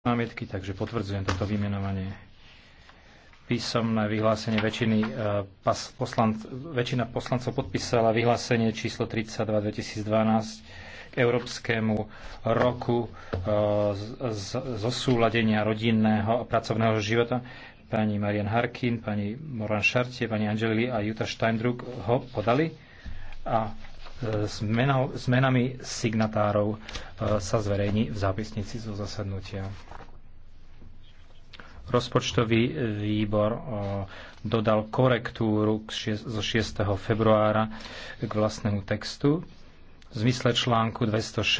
námietky, takže potvrdzujem toto vymenovanie. Písomné vyhlásenie väčšiny, e, pas, poslanc, väčšina poslancov podpísala vyhlásenie číslo 32 2012 k Európskemu roku e, zosúladenia rodinného a pracovného života. Pani Marian Harkin, pani Moran Šartie, pani Angelili a Juta Steindruck ho podali a s menami signatárov e, sa zverejní v zápisnici zo zasadnutia. Rozpočtový výbor e, dodal korektúru zo 6. februára k vlastnému textu v zmysle článku 206